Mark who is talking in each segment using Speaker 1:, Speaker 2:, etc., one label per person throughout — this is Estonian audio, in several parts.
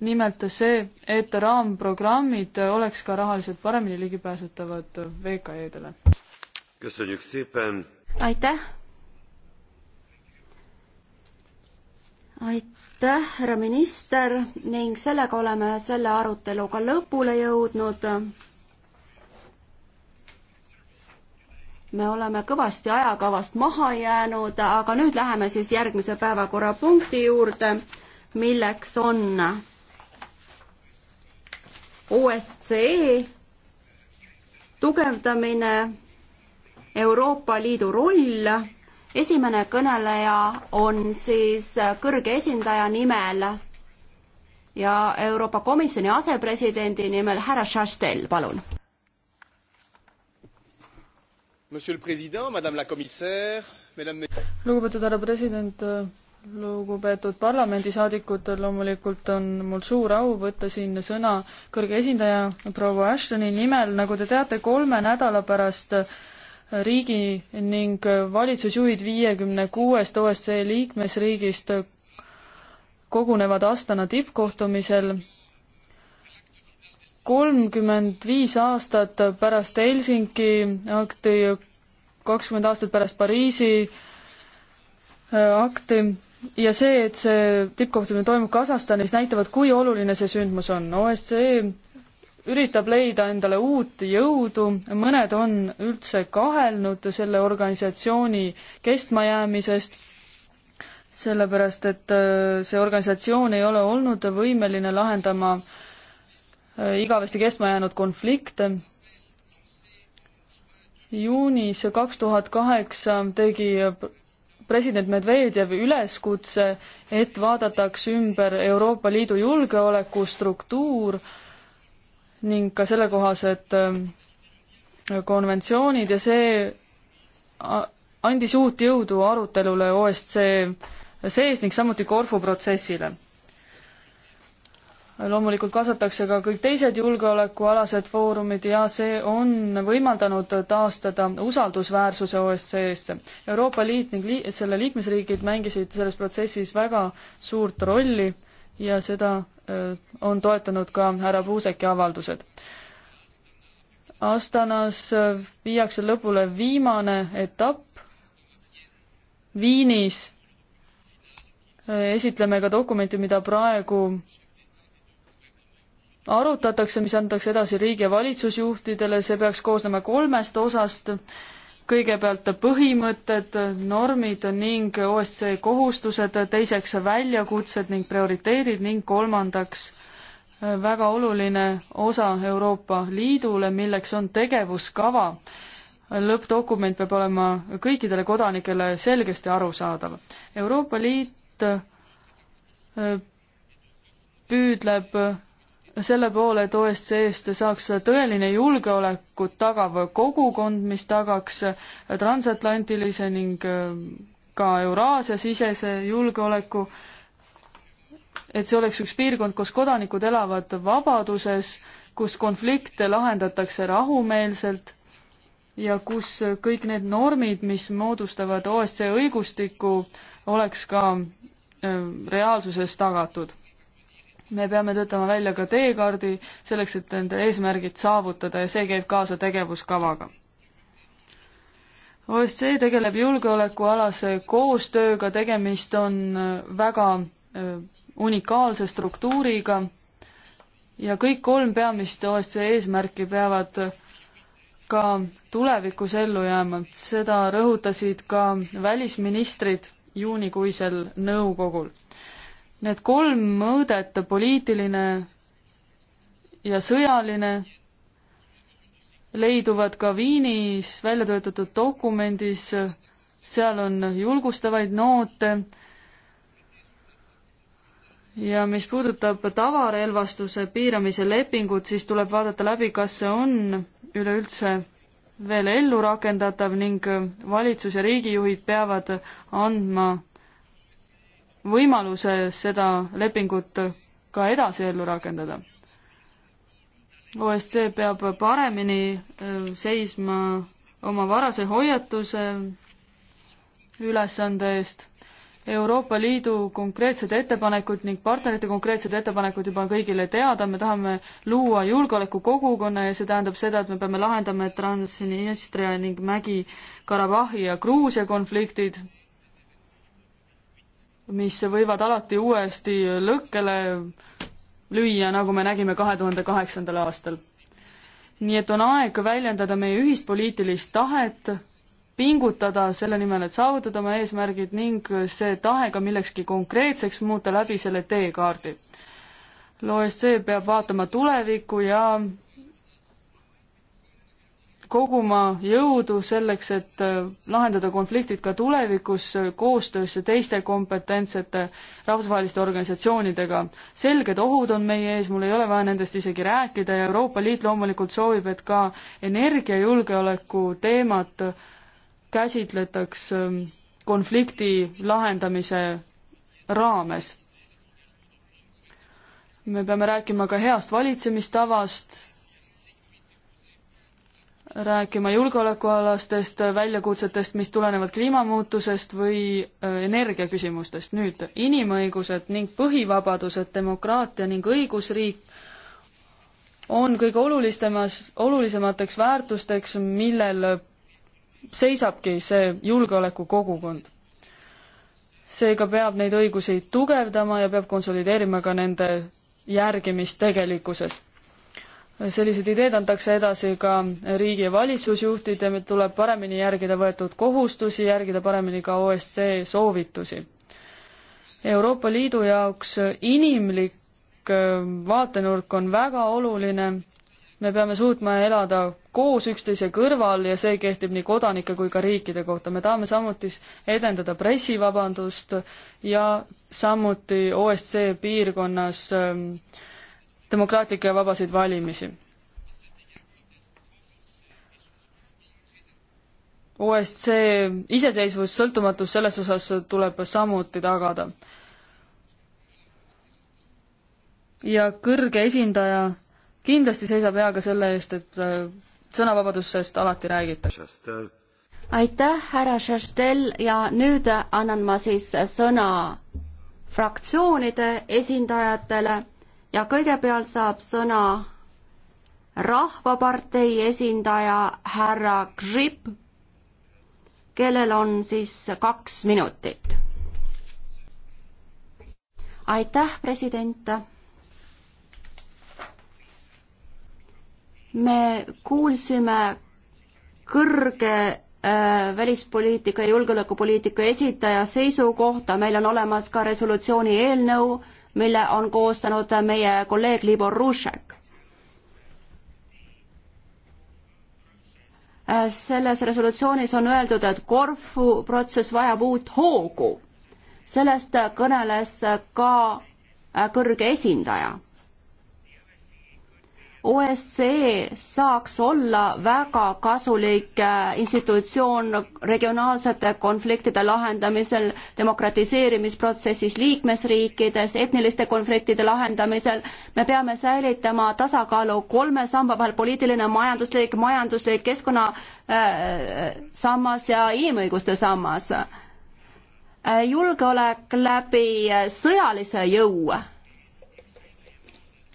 Speaker 1: nimelt see, et raamprogrammid oleks ka rahaliselt paremini ligipääsetavad VKE-dele. aitäh!
Speaker 2: aitäh, härra minister ning sellega oleme selle aruteluga lõpule jõudnud. me oleme kõvasti ajakavast maha jäänud, aga nüüd läheme siis järgmise päevakorrapunkti juurde, milleks on OSCE tugevdamine, Euroopa Liidu roll, esimene kõneleja on siis kõrge esindaja nimel ja Euroopa Komisjoni asepresidendi nimel härra Chastel, palun.
Speaker 1: lugupeetud härra president, lugupeetud parlamendisaadikud, loomulikult on mul suur au võtta siin sõna kõrge esindaja proua Ashtoni nimel, nagu te teate, kolme nädala pärast riigi ning valitsusjuhid viiekümne kuuest OSCE liikmesriigist kogunevad Astana tippkohtumisel kolmkümmend viis aastat pärast Helsingi akti, kakskümmend aastat pärast Pariisi äh, akti ja see, et see tippkohtumine toimub Kasahstanis, näitavad, kui oluline see sündmus on. OSCE üritab leida endale uut jõudu, mõned on üldse kahelnud selle organisatsiooni kestmajäämisest, sellepärast et äh, see organisatsioon ei ole olnud võimeline lahendama äh, igavesti kestma jäänud konflikte. juunis kaks tuhat kaheksa tegi president Medvedjevi üleskutse, et vaadataks ümber Euroopa Liidu julgeolekustruktuur ning ka sellekohased ähm, konventsioonid ja see andis uut jõudu arutelule OSCE sees ning samuti Corfu protsessile loomulikult kaasatakse ka kõik teised julgeolekualased foorumid ja see on võimaldanud taastada usaldusväärsuse OSCE-sse. Euroopa Liit ning li selle liikmesriigid mängisid selles protsessis väga suurt rolli ja seda öö, äh, on toetanud ka härra Puuseki avaldused. Astanas äh, viiakse lõpule viimane etapp, Viinis äh, esitleme ka dokumenti, mida praegu arutatakse, mis antakse edasi riigi- ja valitsusjuhtidele, see peaks koosnema kolmest osast. kõigepealt põhimõtted, normid ning OSCE kohustused, teiseks väljakutsed ning prioriteedid ning kolmandaks väga oluline osa Euroopa Liidule, milleks on tegevuskava. lõppdokument peab olema kõikidele kodanikele selgesti arusaadav. Euroopa Liit äh, püüdleb selle poole, et OSCE-st saaks tõeline julgeolekut tagav kogukond, mis tagaks transatlantilise ning äh, ka Euraasia-sisese julgeoleku, et see oleks üks piirkond, kus kodanikud elavad vabaduses, kus konflikte lahendatakse rahumeelselt ja kus kõik need normid, mis moodustavad OSCE õigustiku, oleks ka äh, reaalsuses tagatud me peame töötama välja ka teekaardi selleks, et nende eesmärgid saavutada ja see käib kaasa tegevuskavaga. OSCE tegeleb julgeolekualase koostööga, tegemist on äh, väga äh, unikaalse struktuuriga ja kõik kolm peamist OSCE eesmärki peavad äh, ka tulevikus ellu jääma, seda rõhutasid ka välisministrid juunikuisel nõukogul Need kolm mõõdet, poliitiline ja sõjaline, leiduvad ka Viinis välja töötatud dokumendis, seal on julgustavaid noote ja mis puudutab tavarelvastuse piiramise lepingut, siis tuleb vaadata läbi, kas see on üleüldse veel ellu rakendatav ning valitsus ja riigijuhid peavad andma võimaluse seda lepingut ka edasi ellu rakendada. OSCE peab paremini äh, seisma oma varase hoiatuse ülesande eest. Euroopa Liidu konkreetsed ettepanekud ning partnerite konkreetsed ettepanekud juba on kõigile teada, me tahame luua julgeolekukogukonna ja see tähendab seda, et me peame lahendama Transnistria ning Mägi-Karabahhi ja Gruusia konfliktid mis võivad alati uuesti lõkkele lüüa, nagu me nägime kahe tuhande kaheksandal aastal. nii et on aeg väljendada meie ühist poliitilist tahet, pingutada selle nimel, et saavutada oma eesmärgid ning see tahe ka millekski konkreetseks muuta läbi selle teekaardi. LOSC peab vaatama tulevikku ja koguma jõudu selleks, et äh, lahendada konfliktid ka tulevikus äh, koostöös teiste kompetentsete rahvusvaheliste organisatsioonidega. selged ohud on meie ees, mul ei ole vaja nendest isegi rääkida ja Euroopa Liit loomulikult soovib, et ka energiajulgeoleku teemat käsitletaks ähm, konflikti lahendamise raames. me peame rääkima ka heast valitsemistavast, rääkima julgeolekualastest väljakutsetest, mis tulenevad kliimamuutusest või äh, energiaküsimustest. nüüd inimõigused ning põhivabadused, demokraatia ning õigusriik on kõige olulisemas, olulisemateks väärtusteks, millel seisabki see julgeolekukogukond. seega peab neid õigusi tugevdama ja peab konsolideerima ka nende järgimist tegelikkuses sellised ideed antakse edasi ka riigi- ja valitsusjuhtide, tuleb paremini järgida võetud kohustusi, järgida paremini ka OSCE soovitusi. Euroopa Liidu jaoks inimlik äh, vaatenurk on väga oluline, me peame suutma elada koos üksteise kõrval ja see kehtib nii kodanike kui ka riikide kohta. me tahame samuti edendada pressivabandust ja samuti OSCE piirkonnas äh, demokraatlikke ja vabasid valimisi. OSCE iseseisvus, sõltumatus selles osas tuleb samuti tagada. ja kõrge esindaja kindlasti seisab hea ka selle eest, et äh, sõnavabadusest alati räägitakse.
Speaker 2: aitäh, härra Šeštel ja nüüd annan ma siis sõna fraktsioonide esindajatele ja kõigepealt saab sõna Rahvapartei esindaja härra Grip, kellel on siis kaks minutit. aitäh, president. me kuulsime kõrge äh, välispoliitika ja julgeolekupoliitika esitaja seisukohta, meil on olemas ka resolutsiooni eelnõu mille on koostanud meie kolleeg Libor Rušek. selles resolutsioonis on öeldud, et Korfu protsess vajab uut hoogu. sellest kõneles ka kõrge esindaja OSCE saaks olla väga kasulik äh, institutsioon regionaalsete konfliktide lahendamisel, demokratiseerimisprotsessis liikmesriikides, etniliste konfliktide lahendamisel. me peame säilitama tasakaalu kolme samba vahel, poliitiline, majanduslik, majanduslik, keskkonna äh, sammas ja inimõiguste sammas äh,. julgeolek läbi sõjalise jõu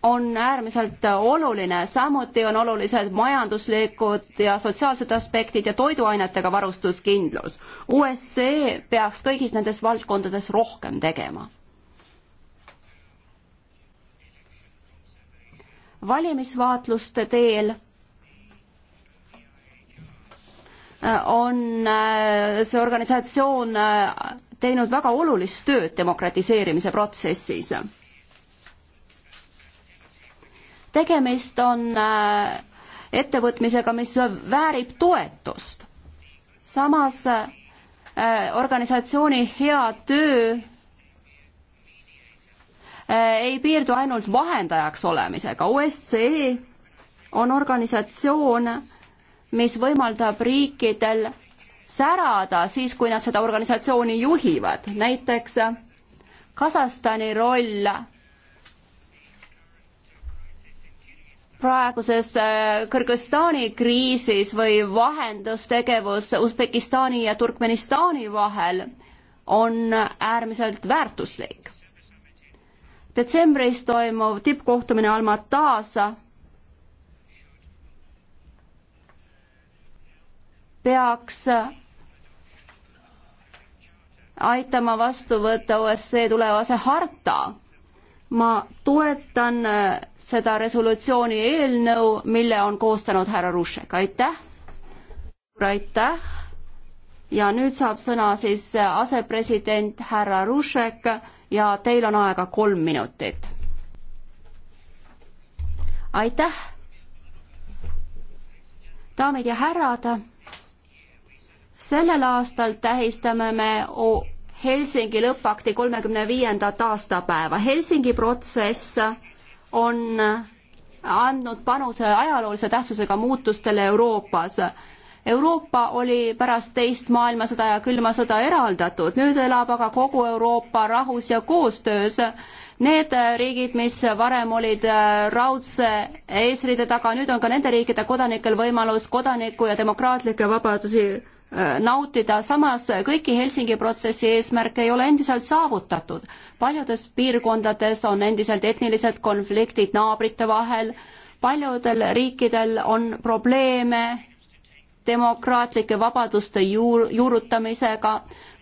Speaker 2: on äärmiselt oluline, samuti on olulised majanduslikud ja sotsiaalsed aspektid ja toiduainetega varustuskindlus. USA peaks kõigis nendes valdkondades rohkem tegema. valimisvaatluste teel on äh, see organisatsioon äh, teinud väga olulist tööd demokratiseerimise protsessis tegemist on äh, ettevõtmisega, mis väärib toetust. samas äh, organisatsiooni hea töö äh, ei piirdu ainult vahendajaks olemisega, OSCE on organisatsioon, mis võimaldab riikidel särada siis, kui nad seda organisatsiooni juhivad, näiteks Kasahstani roll praeguses äh, Kõrgõzstani kriisis või vahendustegevus Usbekistani ja Turkmenistani vahel on äärmiselt väärtuslik. detsembris toimuv tippkohtumine Almatas peaks aitama vastu võtta OSCE tulevase harta ma toetan äh, seda resolutsiooni eelnõu, mille on koostanud härra Rušek, aitäh. aitäh. ja nüüd saab sõna siis äh, asepresident härra Rušek ja teil on aega kolm minutit. aitäh. daamid ja härrad, sellel aastal tähistame me o Helsingi lõppakti kolmekümne viiendat aastapäeva. Helsingi protsess on andnud panuse ajaloolise tähtsusega muutustele Euroopas. Euroopa oli pärast teist maailmasõda ja külma sõda eraldatud, nüüd elab aga kogu Euroopa rahus ja koostöös. Need riigid, mis varem olid äh, raudse eesriide taga, nüüd on ka nende riikide kodanikel võimalus kodaniku ja demokraatlikke vabadusi nautida, samas kõiki Helsingi protsessi eesmärke ei ole endiselt saavutatud. paljudes piirkondades on endiselt etnilised konfliktid naabrite vahel, paljudel riikidel on probleeme demokraatlike vabaduste juur, juurutamisega.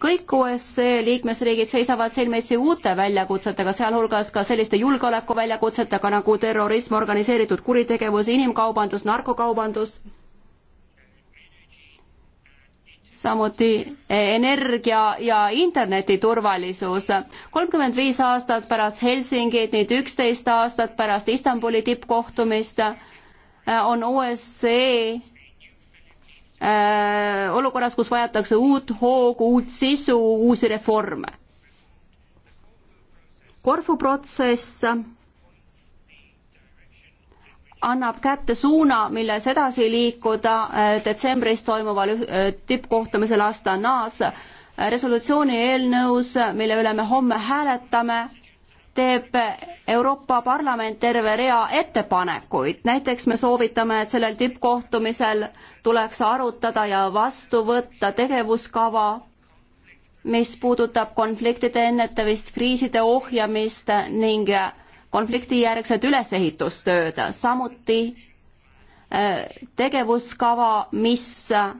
Speaker 2: kõik OSCE liikmesriigid seisavad silmitsi uute väljakutsetega, sealhulgas ka selliste julgeolekuväljakutsetega nagu terrorism, organiseeritud kuritegevus, inimkaubandus, narkokaubandus samuti energia ja interneti turvalisus. kolmkümmend viis aastat pärast Helsingit, nüüd üksteist aastat pärast Istanbuli tippkohtumist äh, on OSCE äh, olukorras, kus vajatakse uut hoogu, uut sisu, uusi reforme. Korfu protsess annab kätte suuna, milles edasi liikuda äh, detsembris toimuval äh, tippkohtumisel Astanas. Äh, resolutsiooni eelnõus, mille üle me homme hääletame, teeb Euroopa Parlament terve rea ettepanekuid, näiteks me soovitame, et sellel tippkohtumisel tuleks arutada ja vastu võtta tegevuskava, mis puudutab konfliktide ennetamist, kriiside ohjamist ning konfliktijärgset ülesehitustööd, samuti äh, tegevuskava, mis äh,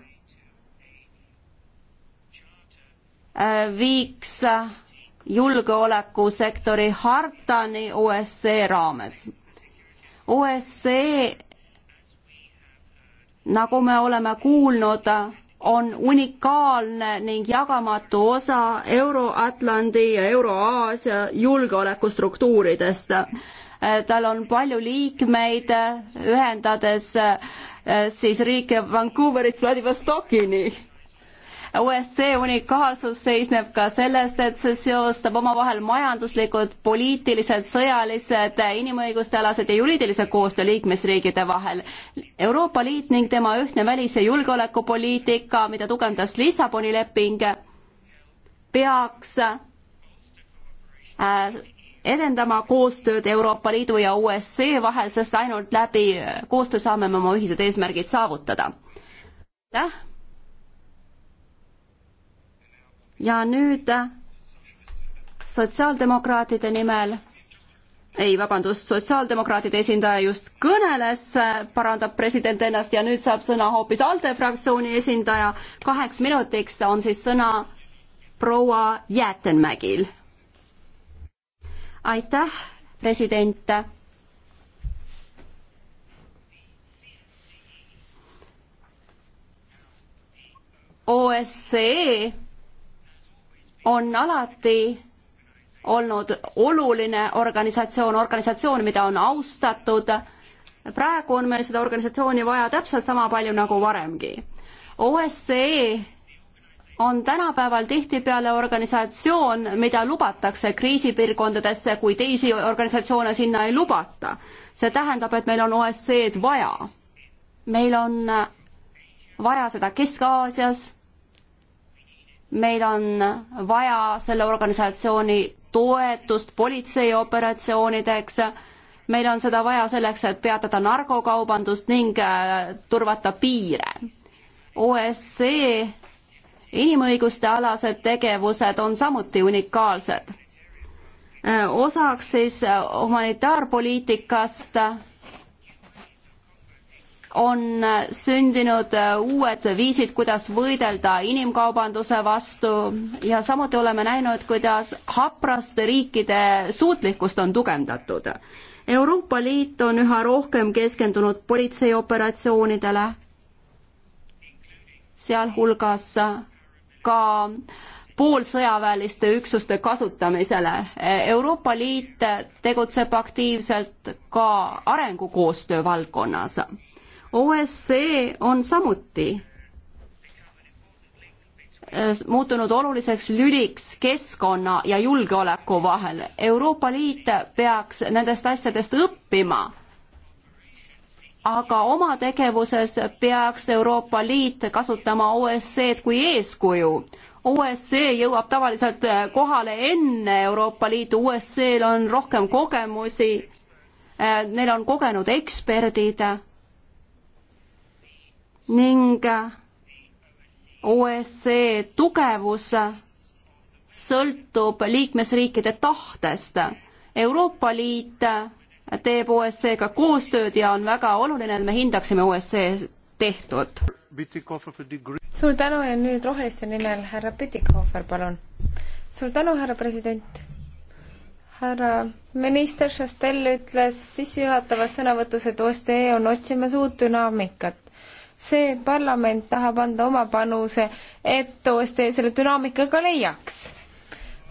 Speaker 2: viiks julgeolekusektori hartani OSCE raames. OSCE, nagu me oleme kuulnud, on unikaalne ning jagamatu osa Euro-Atlandi ja Euro-Aasia julgeolekustruktuuridest. tal on palju liikmeid, ühendades eh, siis riike Vancouverist Vladivostokini OSCE unikaalsus seisneb ka sellest, et see seostab omavahel majanduslikud, poliitilised, sõjalised, inimõiguste alased ja juriidilise koostöö liikmesriikide vahel. Euroopa Liit ning tema ühtne välis- ja julgeolekupoliitika, mida tugevdas Lissaboni leping, peaks äh, edendama koostööd Euroopa Liidu ja USA vahel, sest ainult läbi koostöö saame me oma ühised eesmärgid saavutada. aitäh! ja nüüd sotsiaaldemokraatide nimel, ei, vabandust, sotsiaaldemokraatide esindaja just kõneles, parandab president ennast ja nüüd saab sõna hoopis ALDE fraktsiooni esindaja. kaheks minutiks on siis sõna proua Jäätenmägil. aitäh, president OSCE on alati olnud oluline organisatsioon, organisatsioon, mida on austatud. praegu on meil seda organisatsiooni vaja täpselt sama palju nagu varemgi. OSCE on tänapäeval tihtipeale organisatsioon, mida lubatakse kriisipiirkondadesse, kui teisi organisatsioone sinna ei lubata. see tähendab, et meil on OSCE-d vaja. meil on vaja seda Kesk-Aasias meil on vaja selle organisatsiooni toetust politseioperatsioonideks, meil on seda vaja selleks, et peatada narkokaubandust ning äh, turvata piire. OSCE inimõiguste alased tegevused on samuti unikaalsed. Äh, osaks siis äh, humanitaarpoliitikast on sündinud äh, uued viisid, kuidas võidelda inimkaubanduse vastu ja samuti oleme näinud, kuidas hapraste riikide suutlikkust on tugevdatud. Euroopa Liit on üha rohkem keskendunud politseioperatsioonidele, sealhulgas ka poolsõjaväeliste üksuste kasutamisele. Euroopa Liit tegutseb aktiivselt ka arengukoostöö valdkonnas OSCE on samuti eh, muutunud oluliseks lüliks keskkonna ja julgeoleku vahel. Euroopa Liit peaks nendest asjadest õppima. aga oma tegevuses peaks Euroopa Liit kasutama OSCE-d kui eeskuju. OSCE jõuab tavaliselt eh, kohale enne Euroopa Liitu, OSCE-l on rohkem kogemusi, eh, neil on kogenud eksperdid ning OSCE tugevus sõltub liikmesriikide tahtest. Euroopa Liit teeb OSCE-ga koostööd ja on väga oluline, et me hindaksime OSCE tehtud.
Speaker 3: suur tänu ja nüüd Roheliste nimel härra Pütikofer, palun. suur tänu, härra president härra minister Šastel ütles sissejuhatavas sõnavõtus, et OSCE on otsimas uut dünaamikat see parlament tahab anda oma panuse, et OSCE selle dünaamikaga leiaks.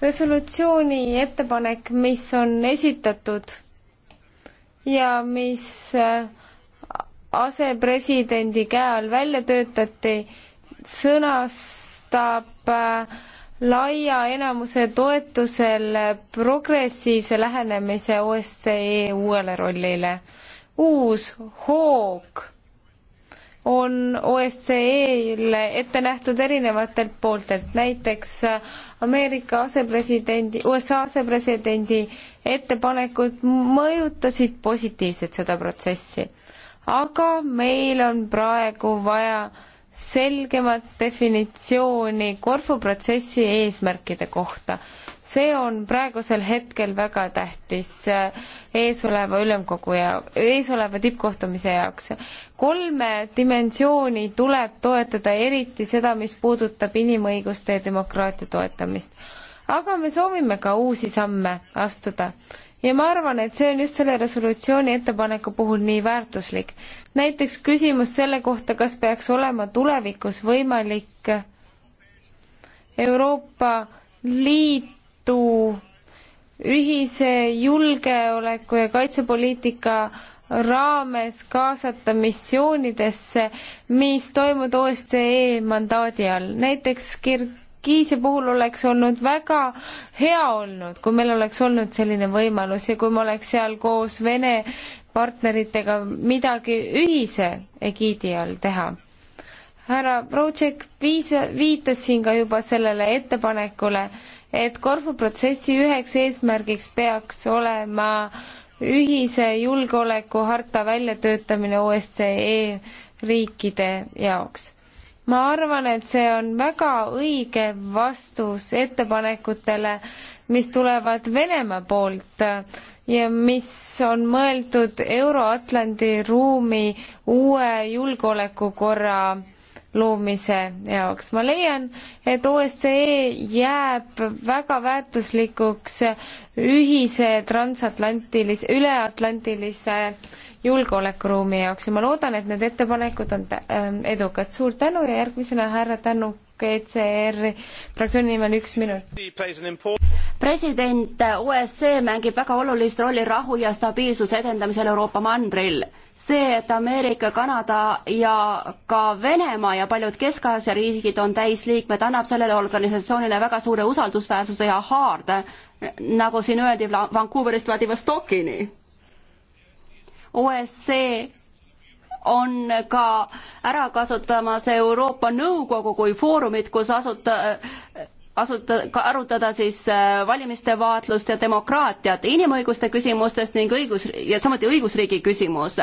Speaker 3: resolutsiooni ettepanek, mis on esitatud ja mis äh, asepresidendi käe all välja töötati, sõnastab äh, laia enamuse toetusel progressiivse lähenemise OSCE uuele rollile. uus hoog on OSCE-le ette nähtud erinevatelt pooltelt, näiteks Ameerika asepresidendi, USA asepresidendi ettepanekud mõjutasid positiivselt seda protsessi. aga meil on praegu vaja selgemat definitsiooni Korfu protsessi eesmärkide kohta see on praegusel hetkel väga tähtis eh, eesoleva ülemkogu ja eesoleva tippkohtumise jaoks. kolme dimensiooni tuleb toetada, eriti seda, mis puudutab inimõiguste ja demokraatia toetamist. aga me soovime ka uusi samme astuda ja ma arvan, et see on just selle resolutsiooni ettepaneku puhul nii väärtuslik. näiteks küsimus selle kohta, kas peaks olema tulevikus võimalik Euroopa Liit Liidu ühise julgeoleku ja kaitsepoliitika raames kaasata missioonidesse, mis toimuvad OSCE mandaadi all. näiteks Kirgiisi puhul oleks olnud väga hea olnud, kui meil oleks olnud selline võimalus ja kui me oleks seal koos Vene partneritega midagi ühise egiidi all teha. härra Proutšek viis, viitas siin ka juba sellele ettepanekule, et Korfu protsessi üheks eesmärgiks peaks olema ühise julgeolekuharta väljatöötamine OSCE riikide jaoks. ma arvan, et see on väga õige vastus ettepanekutele, mis tulevad Venemaa poolt ja mis on mõeldud Euro-Atlandi ruumi uue julgeolekukorra loomise jaoks. ma leian, et OSCE jääb väga väärtuslikuks ühise transatlantilis-, üleatlantilise julgeolekuruumi jaoks ja ma loodan, et need ettepanekud on ähm, edukad. suur tänu ja järgmisena härra Tänuk ECR fraktsiooni nimel üks minut president OSCE äh, mängib väga olulist rolli rahu ja
Speaker 2: stabiilsuse edendamisel Euroopa mandril. see, et Ameerika, Kanada ja ka Venemaa ja paljud Kesk-Aasia riigid on täisliikmed, annab sellele organisatsioonile väga suure usaldusväärsuse ja haarde, nagu siin öeldi Vancouverist Vladivostokini. OSCE on ka ära kasutamas Euroopa Nõukogu kui foorumit, kus asuta- asuta, arutada siis äh, valimiste vaatlust ja demokraatiat, inimõiguste küsimustest ning õigus, ja samuti õigusriigi küsimus.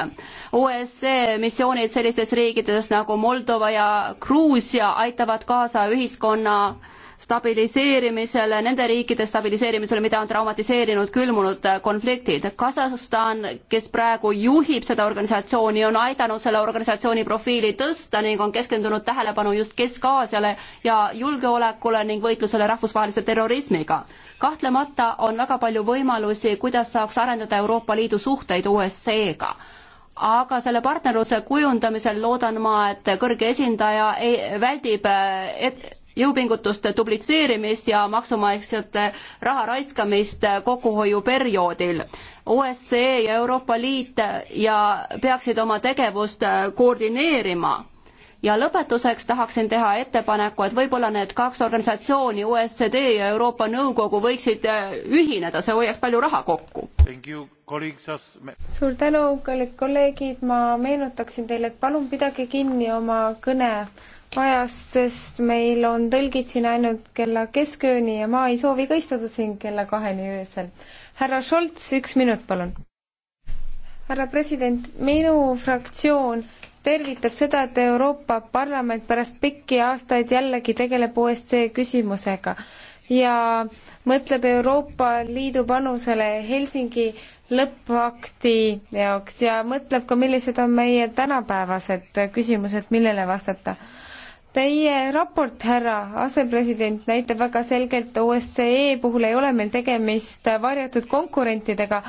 Speaker 2: OSCE missioonid sellistes riikides nagu Moldova ja Gruusia aitavad kaasa ühiskonna stabiliseerimisele, nende riikide stabiliseerimisele, mida on traumatiseerinud külmunud äh, konfliktid. Kasahstan, kes praegu juhib seda organisatsiooni, on aidanud selle organisatsiooni profiili tõsta ning on keskendunud tähelepanu just Kesk-Aasiale ja julgeolekule ning võitlusele rahvusvahelise terrorismiga. kahtlemata on väga palju võimalusi, kuidas saaks arendada Euroopa Liidu suhteid OSCE-ga aga selle partnerluse kujundamisel loodan ma, et kõrge esindaja ei, väldib äh, et, jõupingutuste dublitseerimist ja maksumaksjate raha raiskamist kokkuhoiuperioodil. OSCE ja Euroopa Liit ja peaksid oma tegevust koordineerima ja lõpetuseks tahaksin teha ettepaneku, et võib-olla need kaks organisatsiooni, OSCD ja Euroopa Nõukogu, võiksid ühineda, see hoiaks palju raha kokku.
Speaker 3: suur tänu, kallid kolleegid, ma meenutaksin teile, et palun pidage kinni oma kõne ajast, sest meil on tõlgid siin ainult kella keskööni ja ma ei soovi ka istuda siin kella kaheni öösel. härra Šolts, üks minut, palun. härra president, minu fraktsioon tervitab seda, et Euroopa Parlament pärast pikki aastaid jällegi tegeleb OSCE küsimusega ja mõtleb Euroopa Liidu panusele Helsingi lõppakti jaoks ja mõtleb ka, millised on meie tänapäevased küsimused, millele vastata Teie raport, härra asepresident, näitab väga selgelt, OSCE puhul ei ole meil tegemist varjatud konkurentidega,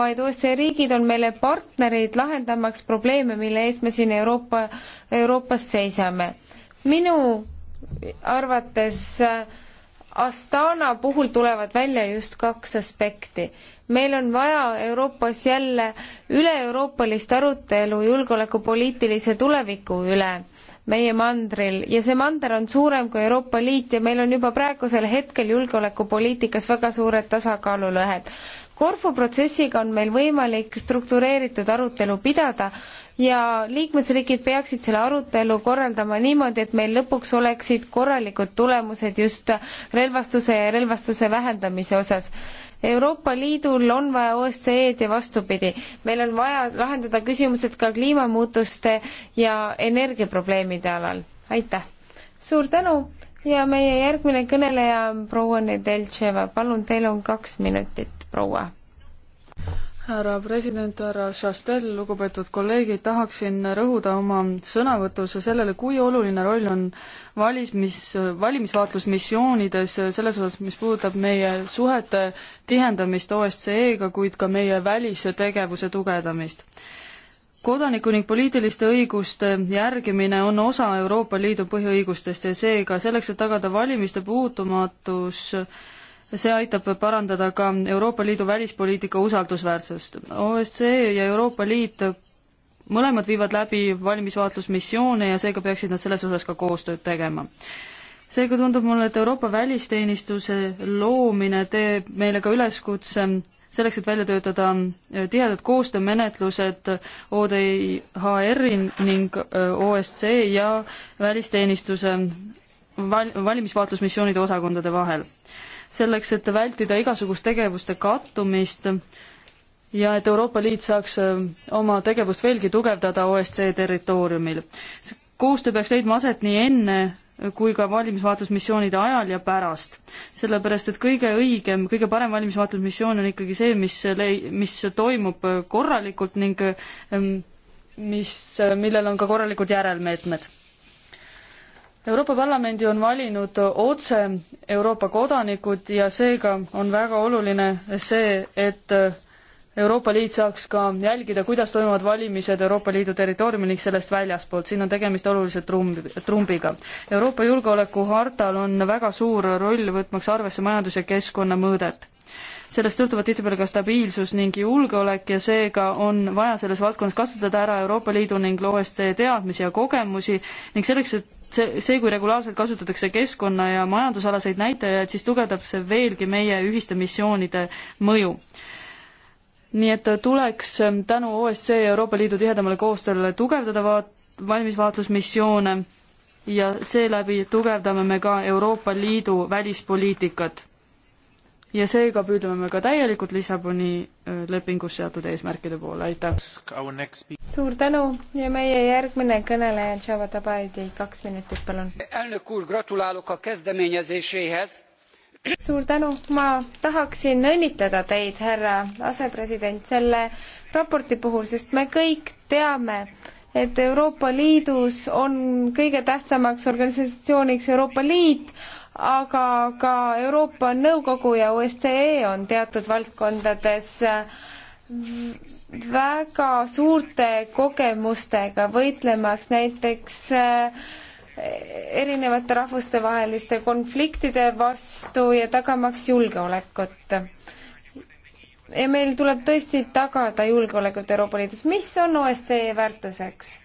Speaker 3: vaid OSCE riigid on meile partnerid lahendamaks probleeme, mille ees me siin Euroopa, Euroopas seisame. minu arvates äh, Astana puhul tulevad välja just kaks aspekti. meil on vaja Euroopas jälle üle-euroopalist arutelu julgeolekupoliitilise tuleviku üle meie mandril ja see mander on suurem kui Euroopa Liit ja meil on juba praegusel hetkel julgeolekupoliitikas väga suured tasakaalulõhed. Korfu protsessiga on meil võimalik struktureeritud arutelu pidada ja liikmesriigid peaksid selle arutelu korraldama niimoodi, et meil lõpuks oleksid korralikud tulemused just relvastuse ja relvastuse vähendamise osas Euroopa Liidul on vaja OSCE-d ja vastupidi. meil on vaja lahendada küsimused ka kliimamuutuste ja energiaprobleemide alal. aitäh! suur tänu ja meie järgmine kõneleja on proua Nedeltševa, palun, teil on kaks minutit, proua
Speaker 1: härra president, härra Chastel, lugupeetud kolleegid, tahaksin rõhuda oma sõnavõtus sellele, kui oluline roll on valimis, valimisvaatlusmissioonides selles osas, mis puudutab meie suhete tihendamist OSCE-ga, kuid ka meie välistegevuse tugevdamist kodaniku ning poliitiliste õiguste järgimine on osa Euroopa Liidu põhiõigustest ja seega selleks, et tagada valimiste puutumatus, see aitab parandada ka Euroopa Liidu välispoliitika usaldusväärsust. OSCE ja Euroopa Liit mõlemad viivad läbi valmisvaatlusmissioone ja seega peaksid nad selles osas ka koostööd tegema. seega tundub mulle, et Euroopa välisteenistuse loomine teeb meile ka üleskutse selleks, et välja töötada tihedad koostöömenetlused ODIHR-i ning OSCE ja välisteenistuse val-, valimisvaatlusmissioonide osakondade vahel. selleks, et vältida igasugust tegevuste kattumist ja et Euroopa Liit saaks äh, oma tegevust veelgi tugevdada OSCE territooriumil. koostöö peaks leidma aset nii enne kui ka valimisvaatlusmissioonide ajal ja pärast. sellepärast, et kõige õigem, kõige parem valimisvaatlusmissioon on ikkagi see, mis lei-, mis toimub korralikult ning ähm, mis, äh, millel on ka korralikud järelmeetmed Euroopa Parlamendi on valinud otse Euroopa kodanikud ja seega on väga oluline see, et Euroopa Liit saaks ka jälgida, kuidas toimuvad valimised Euroopa Liidu territooriumil ning sellest väljaspoolt. siin on tegemist olulise trumb, trumbiga. Euroopa julgeolekuhartal on väga suur roll võtmaks arvesse majandus- ja keskkonnamõõdet sellest sõltuvad tihtipeale ka stabiilsus ning julgeolek ja seega on vaja selles valdkonnas kasutada ära Euroopa Liidu ning OSCE teadmisi ja kogemusi ning selleks, et see, see, kui regulaarselt kasutatakse keskkonna- ja majandusalaseid näitajaid, siis tugevdab see veelgi meie ühiste missioonide mõju nii et tuleks ähm, tänu OSCE ja Euroopa Liidu tihedamale koostööle tugevdada vaat-, valmisvaatlusmissioone ja seeläbi tugevdame me ka Euroopa Liidu välispoliitikat ja seega püüdleme me ka täielikult Lissaboni äh, lepingus seatud eesmärkide poole, aitäh!
Speaker 3: suur tänu ja meie järgmine kõneleja on Tšava Tabaidi, kaks minutit, palun! suur tänu, ma tahaksin õnnitleda teid, härra asepresident, selle raporti puhul, sest me kõik teame, et Euroopa Liidus on kõige tähtsamaks organisatsiooniks Euroopa Liit, aga ka Euroopa Nõukogu ja OSCE on teatud valdkondades väga suurte kogemustega võitlemaks näiteks eh, erinevate rahvustevaheliste konfliktide vastu ja tagamaks julgeolekut. ja meil tuleb tõesti tagada julgeolekut Euroopa Liidus. mis on OSCE väärtuseks?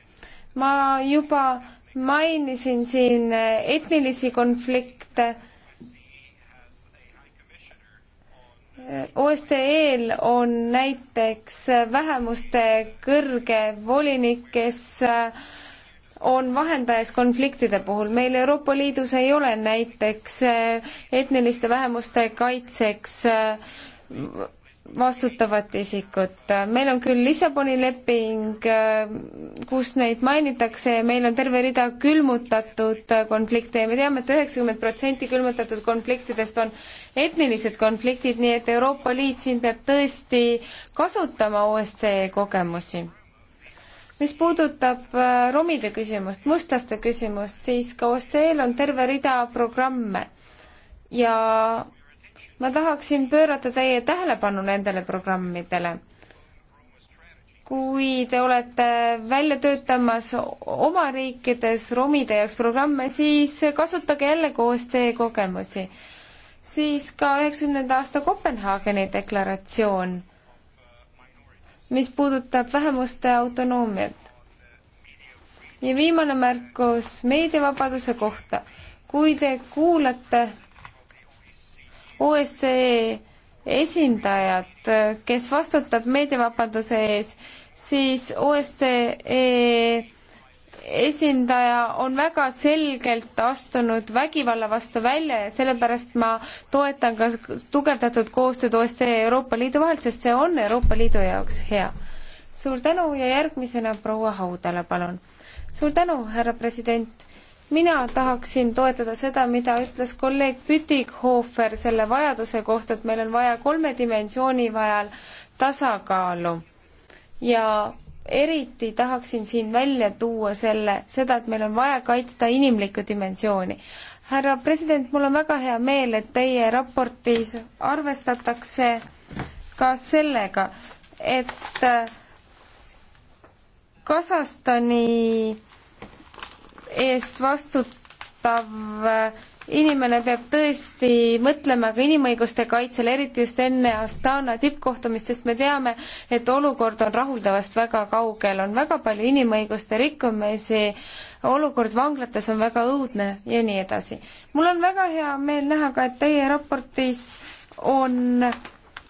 Speaker 3: ma juba mainisin siin eh, etnilisi konflikte. Eh, OSCE-l on näiteks eh, vähemuste kõrge volinik, kes on vahendajas konfliktide puhul. meil Euroopa Liidus ei ole näiteks etniliste vähemuste kaitseks vastutavat isikut. meil on küll Lissaboni leping, kus neid mainitakse ja meil on terve rida külmutatud konflikte ja me teame et, et üheksakümmend protsenti külmutatud konfliktidest on etnilised konfliktid, nii et Euroopa Liit siin peab tõesti kasutama OSCE kogemusi. mis puudutab äh, romide küsimust, mustlaste küsimust, siis ka OSCE-l on terve rida programme ja ma tahaksin pöörata teie tähelepanu nendele programmidele. kui te olete välja töötamas oma riikides romide jaoks programme, siis kasutage jälle koos teie kogemusi. siis ka üheksakümnenda aasta Kopenhaageni deklaratsioon, mis puudutab vähemuste autonoomiat. ja viimane märkus meediavabaduse kohta. kui te kuulate OSCE esindajat, kes vastutab meediavabaduse ees, siis OSCE esindaja on väga selgelt astunud vägivalla vastu välja ja sellepärast ma toetan ka tugevdatud koostööd OSCE ja Euroopa Liidu vahel, sest see on Euroopa Liidu jaoks hea. suur tänu ja järgmisena proua Haudala, palun. suur tänu, härra president mina tahaksin toetada seda, mida ütles kolleeg Pütikhofer selle vajaduse kohta, et meil on vaja kolme dimensiooni vahel tasakaalu. ja eriti tahaksin siin välja tuua selle, seda, et meil on vaja kaitsta inimlikku dimensiooni. härra president, mul on väga hea meel, et teie raportis arvestatakse ka sellega, et Kasahstani äh, eest vastutav inimene peab tõesti mõtlema ka inimõiguste kaitsele, eriti just enne Astana tippkohtumist, sest me teame, et olukord on rahuldavast väga kaugel, on väga palju inimõiguste rikkumisi, olukord vanglates on väga õudne ja nii edasi. mul on väga hea meel näha ka, et teie raportis on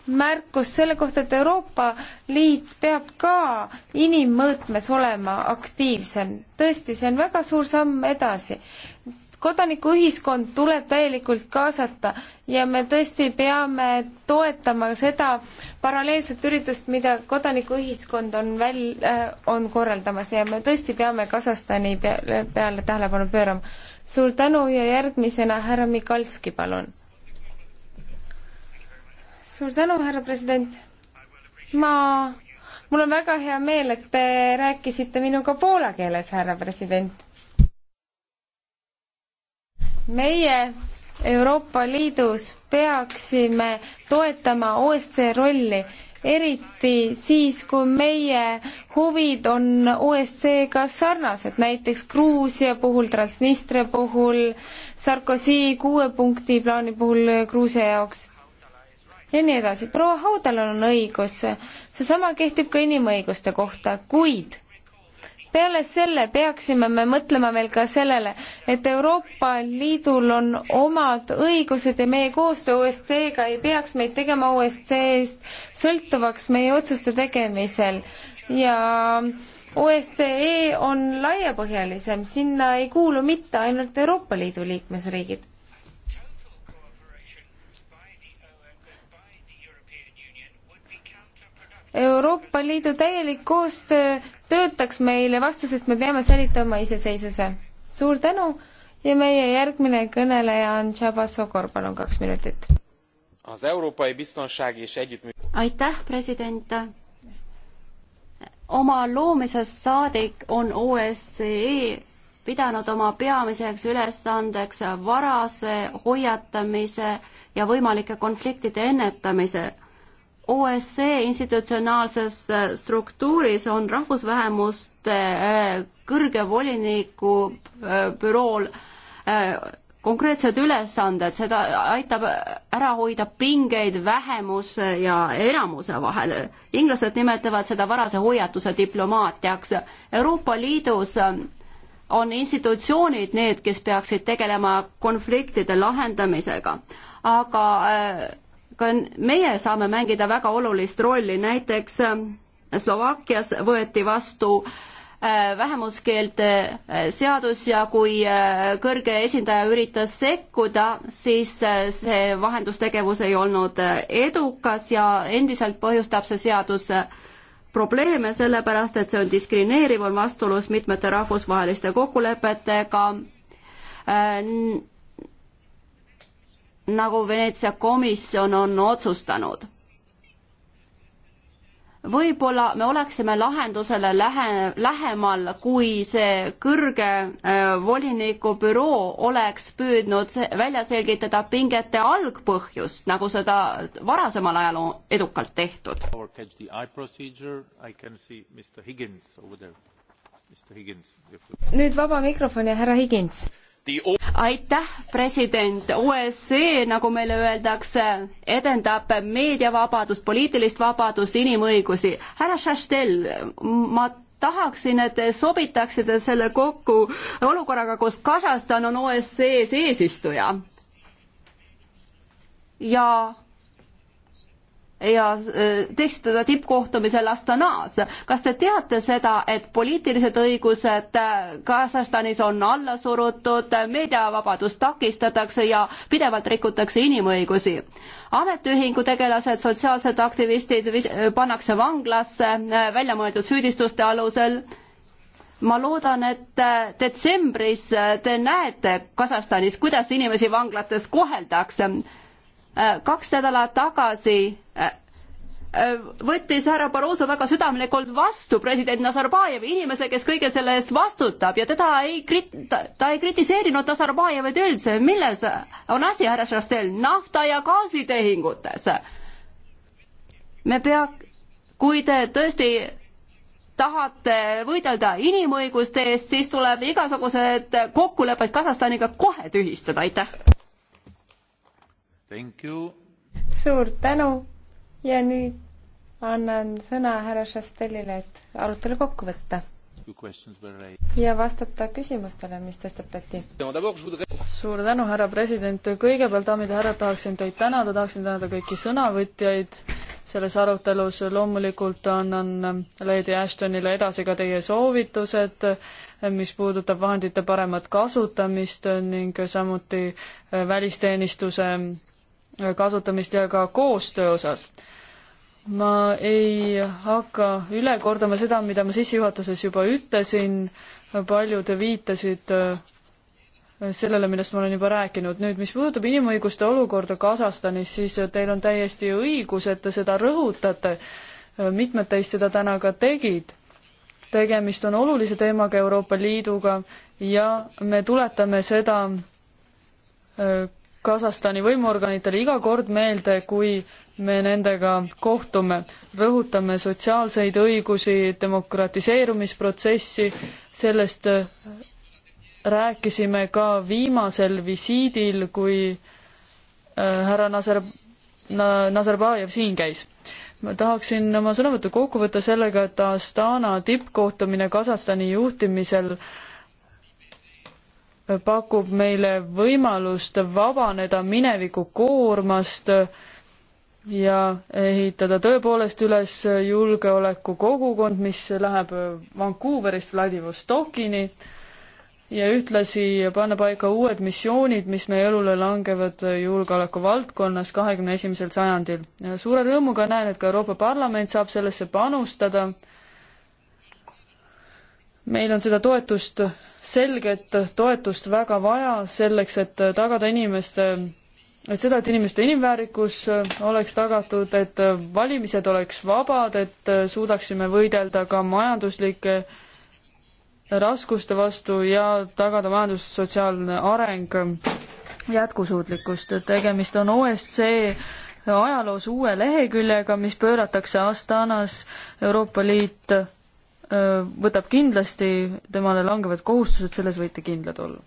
Speaker 3: märkus selle kohta, et Euroopa Liit peab ka inimmõõtmes olema aktiivsem. tõesti, see on väga suur samm edasi. kodanikuühiskond tuleb täielikult kaasata ja me tõesti peame toetama seda paralleelset üritust, mida kodanikuühiskond on väl- äh,, on korraldamas ja me tõesti peame Kasahstani peale, peale tähelepanu pöörama. suur tänu ja järgmisena härra Mikalski, palun suur tänu, härra president. ma, mul on väga hea meel, et te rääkisite minuga poola keeles, härra president. meie Euroopa Liidus peaksime toetama OSCE rolli, eriti siis, kui meie huvid on OSCE-ga sarnased, näiteks Gruusia puhul, Transnistria puhul, Sarkozy kuue punkti plaani puhul Gruusia jaoks ja nii edasi. proua Haudalal on õigus, seesama kehtib ka inimõiguste kohta, kuid peale selle peaksime me mõtlema veel ka sellele, et Euroopa Liidul on omad õigused ja meie koostöö OSCE-ga ei peaks meid tegema OSCE-st sõltuvaks meie otsuste tegemisel ja OSCE on laiapõhjalisem, sinna ei kuulu mitte ainult Euroopa Liidu liikmesriigid. Euroopa Liidu täielik koostöö töötaks meile vastu, sest me peame säilitama iseseisvuse. suur tänu ja meie järgmine kõneleja on Tšaba Sokor, palun kaks minutit. aitäh, president
Speaker 2: oma loomisest saadik on OSCE pidanud oma peamiseks ülesandeks varase hoiatamise ja võimalike konfliktide ennetamise. OSCE institutsionaalses äh, struktuuris on rahvusvähemuste äh, kõrge voliniku äh, bürool konkreetsed ülesanded, seda aitab ära hoida pingeid vähemuse ja enamuse vahel. inglased nimetavad seda varase hoiatuse diplomaatiaks. Euroopa Liidus on institutsioonid need, kes peaksid tegelema konfliktide lahendamisega, aga ka meie saame mängida väga olulist rolli, näiteks ähm, Slovakkias võeti vastu äh, vähemuskeelte äh, seadus ja kui äh, kõrge esindaja üritas sekkuda, siis see vahendustegevus ei olnud edukas ja endiselt põhjustab see seadus probleeme, sellepärast et see on diskrimineeriv, on vastuolus mitmete rahvusvaheliste kokkulepetega nagu Veneetsia komisjon on otsustanud. võib-olla me oleksime lahendusele lähe, lähemal, kui see kõrge äh, voliniku büroo oleks püüdnud välja selgitada pingete algpõhjust, nagu seda varasemal ajal on edukalt
Speaker 1: tehtud. nüüd
Speaker 2: vaba mikrofon ja härra Higins aitäh, president, OSCE, nagu meile öeldakse, edendab meediavabadust, poliitilist vabadust, inimõigusi. härra Šaštel, ma tahaksin, et te sobitaksite selle kokku olukorraga, kus Kasahstan on OSCE-s eesistuja. ja ja äh, tekitada tippkohtumise Astana's. kas te teate seda, et poliitilised õigused äh, Kasahstanis on alla surutud, meediavabadust takistatakse ja pidevalt rikutakse inimõigusi? ametiühingu tegelased, sotsiaalsed aktivistid äh, pannakse vanglasse väljamõeldud süüdistuste alusel ma loodan, et detsembris te näete Kasahstanis, kuidas inimesi vanglates koheldakse Äh, kaks nädalat tagasi äh, äh, võttis härra Barroso väga südamlikult vastu president Nazarbajevi, inimese, kes kõige selle eest vastutab ja teda ei krit-, ta ei kritiseerinud Nazarbajevit üldse, milles on asi, härra Šastel, nafta ja gaasitehingutes. me pea-, kui te tõesti tahate võidelda inimõiguste eest, siis tuleb igasugused kokkulepped Kasahstaniga kohe tühistada, aitäh!
Speaker 3: suur tänu ja nüüd annan sõna härra Šastelile, et arutelu kokku võtta ja vastata küsimustele, mis
Speaker 1: tõstatati. suur tänu, härra president, kõigepealt, daamid ja härrad, tahaksin teid tänada, tahaksin tänada kõiki sõnavõtjaid selles arutelus, loomulikult annan Lady Ashtonile edasi ka teie soovitused, mis puudutab vahendite paremat kasutamist ning samuti välisteenistuse kasutamist ja ka koostöö osas. ma ei hakka üle kordama seda, mida ma sissejuhatuses juba ütlesin, paljud viitasid äh, sellele, millest ma olen juba rääkinud. nüüd, mis puudutab inimõiguste olukorda Kasahstanis, siis teil on täiesti õigus, et te seda rõhutate. Äh, mitmed teist seda täna ka tegid. tegemist on olulise teemaga Euroopa Liiduga ja me tuletame seda äh, Kasahstani võimuorganitele iga kord meelde, kui me nendega kohtume, rõhutame sotsiaalseid õigusi, demokratiseerumisprotsessi, sellest äh, rääkisime ka viimasel visiidil, kui äh, härra Nazar-, Nazarbajev siin käis. ma tahaksin oma sõnavõttu kokku võtta sellega, et Astana tippkohtumine Kasahstani juhtimisel äh, pakub meile võimalust vabaneda mineviku koormast ja ehitada tõepoolest üles julgeolekukogukond, mis läheb Vancouverist Vladivostokini ja ühtlasi panna paika uued missioonid, mis meie elule langevad julgeoleku valdkonnas kahekümne esimesel sajandil. suure rõõmuga näen, et ka Euroopa Parlament saab sellesse panustada meil on seda toetust, selget toetust väga vaja selleks, et tagada inimeste, et seda, et inimeste inimväärikus oleks tagatud, et valimised oleks vabad, et suudaksime võidelda ka majanduslike raskuste vastu ja tagada majandussotsiaalne areng jätkusuutlikkust. tegemist on OSCE ajaloos uue leheküljega, mis pööratakse Astanas Euroopa Liit võtab kindlasti, temale langevad kohustused, selles võite kindlad olla.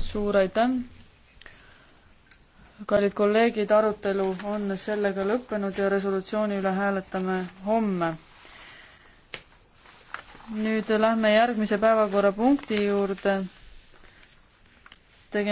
Speaker 1: suur aitäh! kallid kolleegid, arutelu on sellega lõppenud ja resolutsiooni üle hääletame homme. nüüd lähme järgmise päevakorrapunkti juurde